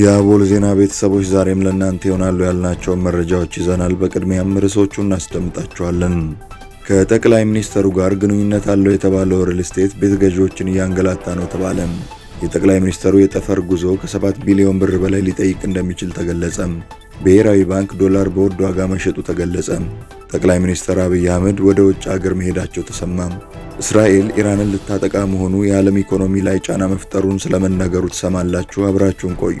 የአቦል ዜና ቤተሰቦች ዛሬም ለእናንተ ይሆናሉ ያልናቸውን መረጃዎች ይዘናል። በቅድሚያም ርዕሶቹ እናስደምጣቸዋለን። ከጠቅላይ ሚኒስትሩ ጋር ግንኙነት አለው የተባለው ሪል ስቴት ቤት ገዢዎችን እያንገላታ ነው ተባለ። የጠቅላይ ሚኒስትሩ የጠፈር ጉዞ ከ7 ቢሊዮን ብር በላይ ሊጠይቅ እንደሚችል ተገለጸ። ብሔራዊ ባንክ ዶላር በውድ ዋጋ መሸጡ ተገለጸ። ጠቅላይ ሚኒስትር አብይ አህመድ ወደ ውጭ አገር መሄዳቸው ተሰማ። እስራኤል ኢራንን ልታጠቃ መሆኑ የዓለም ኢኮኖሚ ላይ ጫና መፍጠሩን ስለመነገሩ ትሰማላችሁ። አብራችሁን ቆዩ።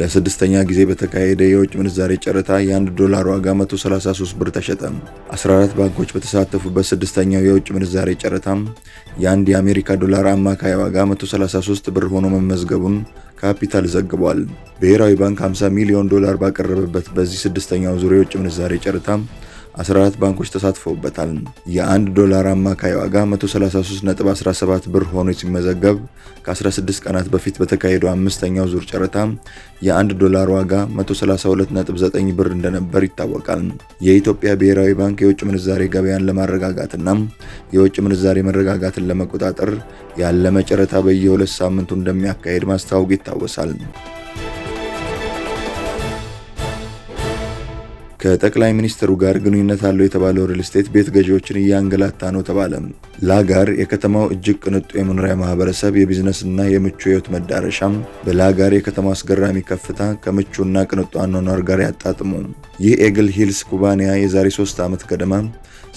ለስድስተኛ ጊዜ በተካሄደ የውጭ ምንዛሬ ጨረታ የአንድ ዶላር ዋጋ 133 ብር ተሸጠ። 14 ባንኮች በተሳተፉበት ስድስተኛው የውጭ ምንዛሬ ጨረታ የአንድ የአሜሪካ ዶላር አማካይ ዋጋ 133 ብር ሆኖ መመዝገቡን ካፒታል ዘግቧል። ብሔራዊ ባንክ 50 ሚሊዮን ዶላር ባቀረበበት በዚህ ስድስተኛው ዙር የውጭ ምንዛሬ ጨረታ 14 ባንኮች ተሳትፈውበታል። የአንድ ዶላር አማካይ ዋጋ 133.17 ብር ሆኖ ሲመዘገብ ከ16 ቀናት በፊት በተካሄደው አምስተኛው ዙር ጨረታ የአንድ ዶላር ዋጋ 132.9 ብር እንደነበር ይታወቃል። የኢትዮጵያ ብሔራዊ ባንክ የውጭ ምንዛሬ ገበያን ለማረጋጋትና የውጭ ምንዛሬ መረጋጋትን ለመቆጣጠር ያለመ ጨረታ በየሁለት ሳምንቱ እንደሚያካሄድ ማስታወቅ ይታወሳል። ከጠቅላይ ሚኒስትሩ ጋር ግንኙነት አለው የተባለው ሪል ስቴት ቤት ገዢዎችን እያንገላታ ነው ተባለም። ላጋር የከተማው እጅግ ቅንጡ የመኖሪያ ማህበረሰብ የቢዝነስና የምቹ ህይወት መዳረሻም በላጋር የከተማው አስገራሚ ከፍታ ከምቹና ቅንጡ አኗኗር ጋር ያጣጥሙ። ይህ ኤግል ሂልስ ኩባንያ የዛሬ ሶስት ዓመት ገደማ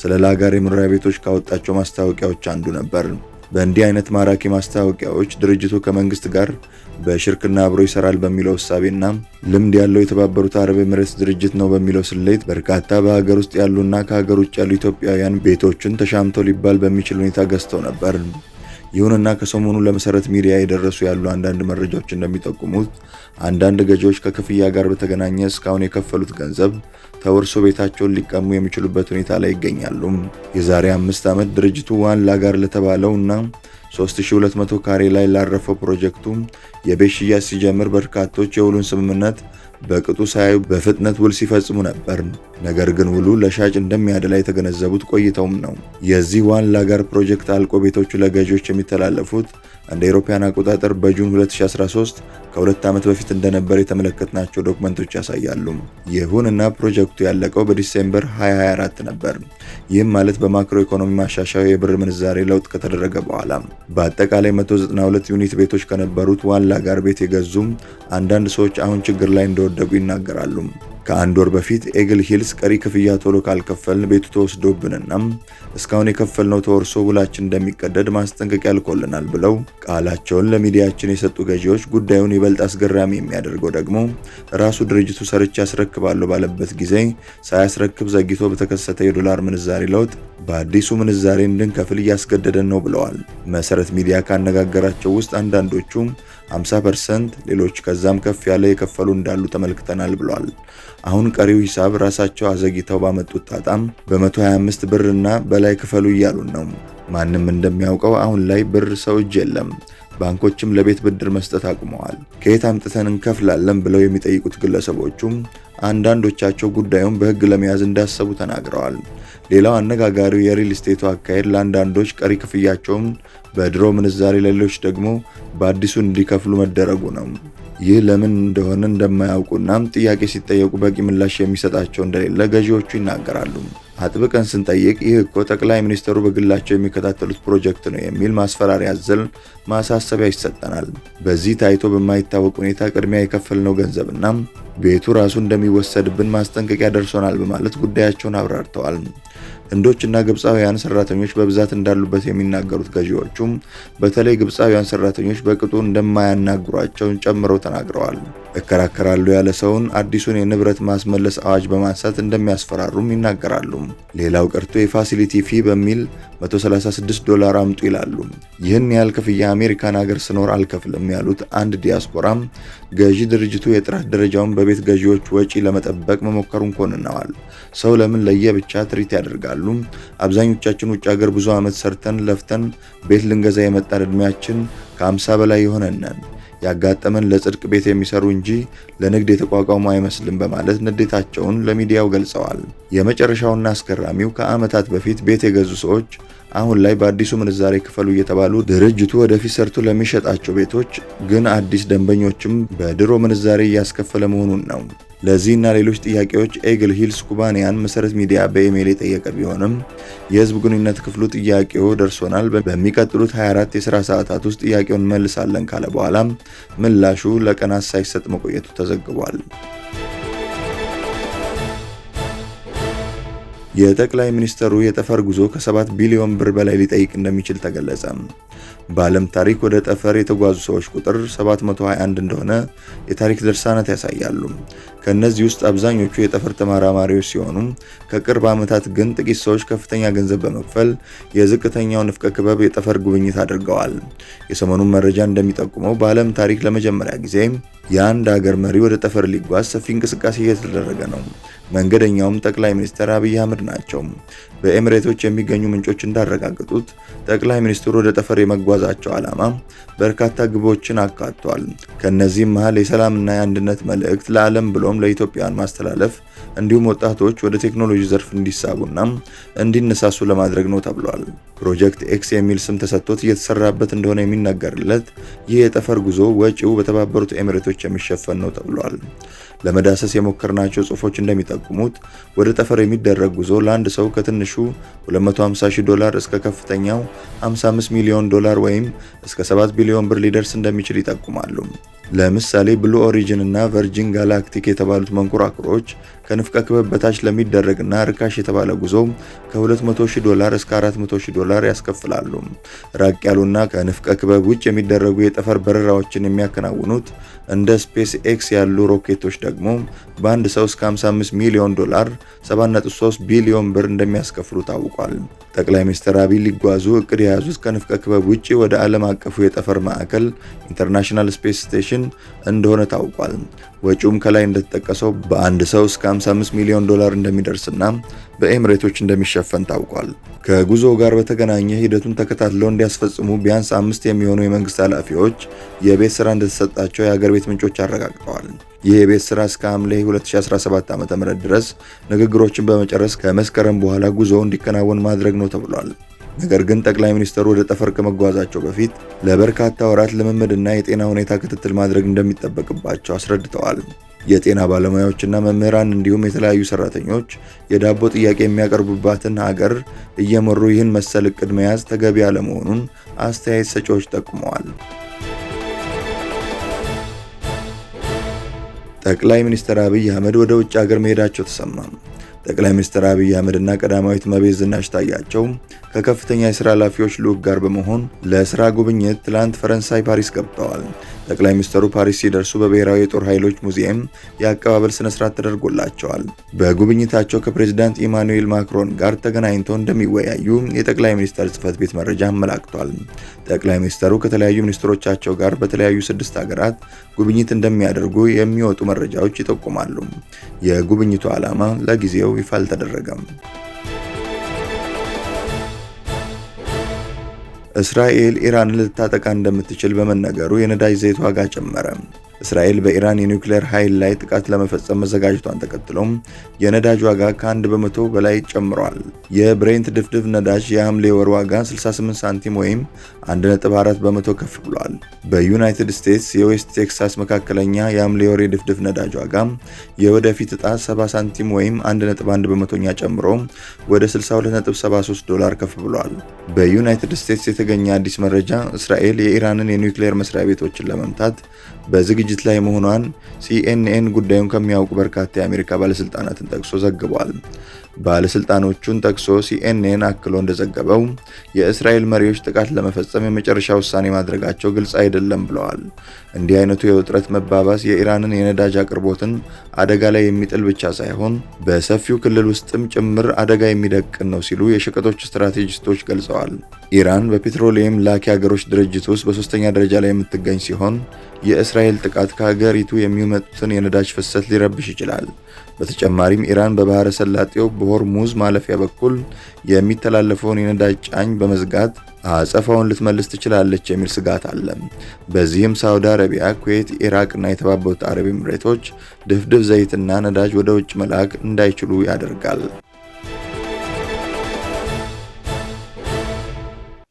ስለ ላጋር የመኖሪያ ቤቶች ካወጣቸው ማስታወቂያዎች አንዱ ነበር። በእንዲህ አይነት ማራኪ ማስታወቂያዎች ድርጅቱ ከመንግስት ጋር በሽርክና አብሮ ይሰራል በሚለው እሳቤና ልምድ ያለው የተባበሩት አረብ ኤምሬትስ ድርጅት ነው በሚለው ስሌት በርካታ በሀገር ውስጥ ያሉና ከሀገር ውጭ ያሉ ኢትዮጵያውያን ቤቶቹን ተሻምተው ሊባል በሚችል ሁኔታ ገዝተው ነበር። ይሁንና ከሰሞኑ ለመሰረት ሚዲያ የደረሱ ያሉ አንዳንድ መረጃዎች እንደሚጠቁሙት አንዳንድ ገዢዎች ከክፍያ ጋር በተገናኘ እስካሁን የከፈሉት ገንዘብ ተወርሶ ቤታቸውን ሊቀሙ የሚችሉበት ሁኔታ ላይ ይገኛሉ። የዛሬ አምስት ዓመት ድርጅቱ ዋንላ ጋር ለተባለው እና 3200 ካሬ ላይ ላረፈው ፕሮጀክቱ የቤት ሽያጭ ሲጀምር በርካቶች የውሉን ስምምነት በቅጡ ሳያዩ በፍጥነት ውል ሲፈጽሙ ነበር። ነገር ግን ውሉ ለሻጭ እንደሚያደላ የተገነዘቡት ቆይተውም ነው። የዚህ ዋን ላጋር ፕሮጀክት አልቆ ቤቶቹ ለገዢዎች የሚተላለፉት እንደ ኢሮፓያን አቆጣጠር በጁን 2013 ከሁለት ዓመት በፊት እንደነበር የተመለከትናቸው ዶክመንቶች ያሳያሉ። ይሁንና ፕሮጀክቱ ያለቀው በዲሴምበር 2024 ነበር። ይህም ማለት በማክሮ ኢኮኖሚ ማሻሻያ የብር ምንዛሬ ለውጥ ከተደረገ በኋላ። በአጠቃላይ 192 ዩኒት ቤቶች ከነበሩት ዋላ ጋር ቤት የገዙ አንዳንድ ሰዎች አሁን ችግር ላይ እንደወደቁ ይናገራሉ። ከአንድ ወር በፊት ኤግል ሂልስ ቀሪ ክፍያ ቶሎ ካልከፈልን ቤቱ ተወስዶብንና እስካሁን የከፈልነው ተወርሶ ውላችን እንደሚቀደድ ማስጠንቀቂያ ልኮልናል ብለው ቃላቸውን ለሚዲያችን የሰጡ ገዢዎች ጉዳዩን ይበልጥ አስገራሚ የሚያደርገው ደግሞ ራሱ ድርጅቱ ሰርቼ አስረክባለሁ ባለበት ጊዜ ሳያስረክብ ዘግይቶ በተከሰተ የዶላር ምንዛሬ ለውጥ በአዲሱ ምንዛሬ እንድንከፍል እያስገደደን ነው ብለዋል። መሰረት ሚዲያ ካነጋገራቸው ውስጥ አንዳንዶቹ 50%፣ ሌሎች ከዛም ከፍ ያለ የከፈሉ እንዳሉ ተመልክተናል ብሏል። አሁን ቀሪው ሂሳብ ራሳቸው አዘግይተው ባመጡት ጣጣም በ125 ብር እና በላይ ክፈሉ እያሉን ነው። ማንም እንደሚያውቀው አሁን ላይ ብር ሰው እጅ የለም። ባንኮችም ለቤት ብድር መስጠት አቁመዋል። ከየት አምጥተን እንከፍላለን ብለው የሚጠይቁት ግለሰቦቹም አንዳንዶቻቸው ጉዳዩን በሕግ ለመያዝ እንዳሰቡ ተናግረዋል። ሌላው አነጋጋሪው የሪል ስቴቱ አካሄድ ለአንዳንዶች ቀሪ ክፍያቸውን በድሮ ምንዛሬ፣ ሌሎች ደግሞ በአዲሱ እንዲከፍሉ መደረጉ ነው። ይህ ለምን እንደሆነ እንደማያውቁና ጥያቄ ሲጠየቁ በቂ ምላሽ የሚሰጣቸው እንደሌለ ገዢዎቹ ይናገራሉ። አጥብቀን ስንጠይቅ ይህ እኮ ጠቅላይ ሚኒስትሩ በግላቸው የሚከታተሉት ፕሮጀክት ነው የሚል ማስፈራሪያ አዘል ማሳሰቢያ ይሰጠናል። በዚህ ታይቶ በማይታወቅ ሁኔታ ቅድሚያ የከፈልነው ገንዘብና ቤቱ ራሱ እንደሚወሰድብን ማስጠንቀቂያ ደርሶናል በማለት ጉዳያቸውን አብራርተዋል። ህንዶችና ግብፃውያን ሰራተኞች በብዛት እንዳሉበት የሚናገሩት ገዢዎቹም በተለይ ግብፃውያን ሰራተኞች በቅጡ እንደማያናግሯቸውን ጨምረው ተናግረዋል። እከራከራሉ ያለ ሰውን አዲሱን የንብረት ማስመለስ አዋጅ በማንሳት እንደሚያስፈራሩም ይናገራሉ። ሌላው ቀርቶ የፋሲሊቲ ፊ በሚል 136 ዶላር አምጡ ይላሉ። ይህን ያህል ክፍያ አሜሪካን ሀገር ስኖር አልከፍልም ያሉት አንድ ዲያስፖራም ገዢ ድርጅቱ የጥራት ደረጃውን በቤት ገዢዎች ወጪ ለመጠበቅ መሞከሩን ኮንነዋል። ሰው ለምን ለየብቻ ትሪት ያደርጋሉ? አብዛኞቻችን ውጭ ሀገር ብዙ ዓመት ሰርተን ለፍተን ቤት ልንገዛ የመጣን ዕድሜያችን ከ50 በላይ የሆነነን ያጋጠመን ለጽድቅ ቤት የሚሰሩ እንጂ ለንግድ የተቋቋሙ አይመስልም በማለት ንዴታቸውን ለሚዲያው ገልጸዋል። የመጨረሻውና አስገራሚው ከዓመታት በፊት ቤት የገዙ ሰዎች አሁን ላይ በአዲሱ ምንዛሬ ክፈሉ እየተባሉ ድርጅቱ ወደፊት ሰርቶ ለሚሸጣቸው ቤቶች ግን አዲስ ደንበኞችም በድሮ ምንዛሬ እያስከፈለ መሆኑን ነው። ለዚህና ሌሎች ጥያቄዎች ኤግል ሂልስ ኩባንያን መሰረት ሚዲያ በኢሜይል የጠየቀ ቢሆንም የህዝብ ግንኙነት ክፍሉ ጥያቄው ደርሶናል፣ በሚቀጥሉት 24 የስራ ሰዓታት ውስጥ ጥያቄውን መልሳለን ካለ በኋላም ምላሹ ለቀናት ሳይሰጥ መቆየቱ ተዘግቧል። የጠቅላይ ሚኒስትሩ የጠፈር ጉዞ ከ7 ቢሊዮን ብር በላይ ሊጠይቅ እንደሚችል ተገለጸ። በዓለም ታሪክ ወደ ጠፈር የተጓዙ ሰዎች ቁጥር 721 እንደሆነ የታሪክ ድርሳናት ያሳያሉ። ከእነዚህ ውስጥ አብዛኞቹ የጠፈር ተመራማሪዎች ሲሆኑ ከቅርብ ዓመታት ግን ጥቂት ሰዎች ከፍተኛ ገንዘብ በመክፈል የዝቅተኛው ንፍቀ ክበብ የጠፈር ጉብኝት አድርገዋል። የሰሞኑን መረጃ እንደሚጠቁመው በዓለም ታሪክ ለመጀመሪያ ጊዜ የአንድ ሀገር መሪ ወደ ጠፈር ሊጓዝ ሰፊ እንቅስቃሴ እየተደረገ ነው። መንገደኛውም ጠቅላይ ሚኒስትር አብይ አህመድ ናቸው። በኤሚሬቶች የሚገኙ ምንጮች እንዳረጋገጡት ጠቅላይ ሚኒስትሩ ወደ ጠፈር የመጓዛቸው ዓላማ በርካታ ግቦችን አካቷል። ከእነዚህም መሀል የሰላምና የአንድነት መልእክት ለዓለም ብሎም ለኢትዮጵያን ማስተላለፍ እንዲሁም ወጣቶች ወደ ቴክኖሎጂ ዘርፍ እንዲሳቡና እንዲነሳሱ ለማድረግ ነው ተብሏል። ፕሮጀክት ኤክስ የሚል ስም ተሰጥቶት እየተሰራበት እንደሆነ የሚነገርለት ይህ የጠፈር ጉዞ ወጪው በተባበሩት ኤሚሬቶች የሚሸፈን ነው ተብሏል። ለመዳሰስ የሞከርናቸው ጽፎች እንደሚጠቁሙት ወደ ጠፈር የሚደረግ ጉዞ ለአንድ ሰው ከትንሹ 250 ዶላር እስከ ከፍተኛው 55 ሚሊዮን ዶላር ወይም እስከ 7 ቢሊዮን ብር ሊደርስ እንደሚችል ይጠቁማሉ። ለምሳሌ ብሉ ኦሪጅን እና ቨርጂን ጋላክቲክ የተባሉት መንኮራኩሮች ከንፍቀ ክበብ በታች ለሚደረግና ርካሽ የተባለ ጉዞ ከ200,000 ዶላር እስከ 400,000 ዶላር ያስከፍላሉ። ራቅ ያሉና ከንፍቀ ክበብ ውጭ የሚደረጉ የጠፈር በረራዎችን የሚያከናውኑት እንደ ስፔስ ኤክስ ያሉ ሮኬቶች ደግሞ በአንድ ሰው እስከ 55 ሚሊዮን ዶላር 7.3 ቢሊዮን ብር እንደሚያስከፍሉ ታውቋል። ጠቅላይ ሚኒስትር አብይ ሊጓዙ እቅድ የያዙት ከንፍቀ ክበብ ውጭ ወደ ዓለም አቀፉ የጠፈር ማዕከል ኢንተርናሽናል ስፔስ ስቴሽን ዶላሮችን እንደሆነ ታውቋል። ወጪውም ከላይ እንደተጠቀሰው በአንድ ሰው እስከ 55 ሚሊዮን ዶላር እንደሚደርስና በኤምሬቶች እንደሚሸፈን ታውቋል። ከጉዞ ጋር በተገናኘ ሂደቱን ተከታትለው እንዲያስፈጽሙ ቢያንስ አምስት የሚሆኑ የመንግስት ኃላፊዎች የቤት ስራ እንደተሰጣቸው የአገር ቤት ምንጮች አረጋግጠዋል። ይህ የቤት ስራ እስከ ሐምሌ 2017 ዓ.ም ድረስ ንግግሮችን በመጨረስ ከመስከረም በኋላ ጉዞ እንዲከናወን ማድረግ ነው ተብሏል። ነገር ግን ጠቅላይ ሚኒስትሩ ወደ ጠፈር ከመጓዛቸው በፊት ለበርካታ ወራት ልምምድና የጤና ሁኔታ ክትትል ማድረግ እንደሚጠበቅባቸው አስረድተዋል። የጤና ባለሙያዎችና መምህራን እንዲሁም የተለያዩ ሰራተኞች የዳቦ ጥያቄ የሚያቀርቡባትን ሀገር እየመሩ ይህን መሰል እቅድ መያዝ ተገቢ አለመሆኑን አስተያየት ሰጪዎች ጠቁመዋል። ጠቅላይ ሚኒስትር አብይ አህመድ ወደ ውጭ ሀገር መሄዳቸው ተሰማም። ጠቅላይ ሚኒስትር አብይ አህመድና ቀዳማዊት እመቤት ዝናሽ ታያቸው ከከፍተኛ የስራ ኃላፊዎች ልዑክ ጋር በመሆን ለስራ ጉብኝት ትላንት ፈረንሳይ ፓሪስ ገብተዋል። ጠቅላይ ሚኒስትሩ ፓሪስ ሲደርሱ በብሔራዊ የጦር ኃይሎች ሙዚየም የአቀባበል ስነስርዓት ተደርጎላቸዋል። በጉብኝታቸው ከፕሬዚዳንት ኢማኑኤል ማክሮን ጋር ተገናኝተው እንደሚወያዩ የጠቅላይ ሚኒስትር ጽህፈት ቤት መረጃ አመላክቷል። ጠቅላይ ሚኒስትሩ ከተለያዩ ሚኒስትሮቻቸው ጋር በተለያዩ ስድስት ሀገራት ጉብኝት እንደሚያደርጉ የሚወጡ መረጃዎች ይጠቁማሉ። የጉብኝቱ ዓላማ ለጊዜው ይፋ አልተደረገም። እስራኤል ኢራንን ልታጠቃ እንደምትችል በመነገሩ የነዳጅ ዘይት ዋጋ ጨመረ። እስራኤል በኢራን የኒውክሌር ኃይል ላይ ጥቃት ለመፈጸም መዘጋጀቷን ተከትሎም የነዳጅ ዋጋ ከ1 በመቶ በላይ ጨምሯል። የብሬንት ድፍድፍ ነዳጅ የሐምሌ ወር ዋጋ 68 ሳንቲም ወይም 1.4 በመቶ ከፍ ብሏል። በዩናይትድ ስቴትስ የዌስት ቴክሳስ መካከለኛ የሐምሌ ወር የድፍድፍ ነዳጅ ዋጋ የወደፊት ዕጣ 70 ሳንቲም ወይም 1.1 በመቶኛ ጨምሮ ወደ 62.73 ዶላር ከፍ ብሏል። በዩናይትድ ስቴትስ የተገኘ አዲስ መረጃ እስራኤል የኢራንን የኒውክሌር መስሪያ ቤቶችን ለመምታት በዝግጅት ላይ መሆኗን ሲኤንኤን ጉዳዩን ከሚያውቁ በርካታ የአሜሪካ ባለስልጣናትን ጠቅሶ ዘግቧል። ባለስልጣኖቹን ጠቅሶ ሲኤንኤን አክሎ እንደዘገበው የእስራኤል መሪዎች ጥቃት ለመፈጸም የመጨረሻ ውሳኔ ማድረጋቸው ግልጽ አይደለም ብለዋል። እንዲህ አይነቱ የውጥረት መባባስ የኢራንን የነዳጅ አቅርቦትን አደጋ ላይ የሚጥል ብቻ ሳይሆን በሰፊው ክልል ውስጥም ጭምር አደጋ የሚደቅን ነው ሲሉ የሸቀጦች ስትራቴጂስቶች ገልጸዋል። ኢራን በፔትሮሊየም ላኪ ሀገሮች ድርጅት ውስጥ በሶስተኛ ደረጃ ላይ የምትገኝ ሲሆን የእስራኤል ጥቃት ከሀገሪቱ የሚመጡትን የነዳጅ ፍሰት ሊረብሽ ይችላል። በተጨማሪም ኢራን በባህረ ሰላጤው በሆርሙዝ ማለፊያ በኩል የሚተላለፈውን የነዳጅ ጫኝ በመዝጋት አጸፋውን ልትመልስ ትችላለች የሚል ስጋት አለ። በዚህም ሳውዲ አረቢያ፣ ኩዌት፣ እና የተባበሩት አረብ ኤምሬቶች ድፍድፍ ዘይትና ነዳጅ ወደ ውጭ መላክ እንዳይችሉ ያደርጋል።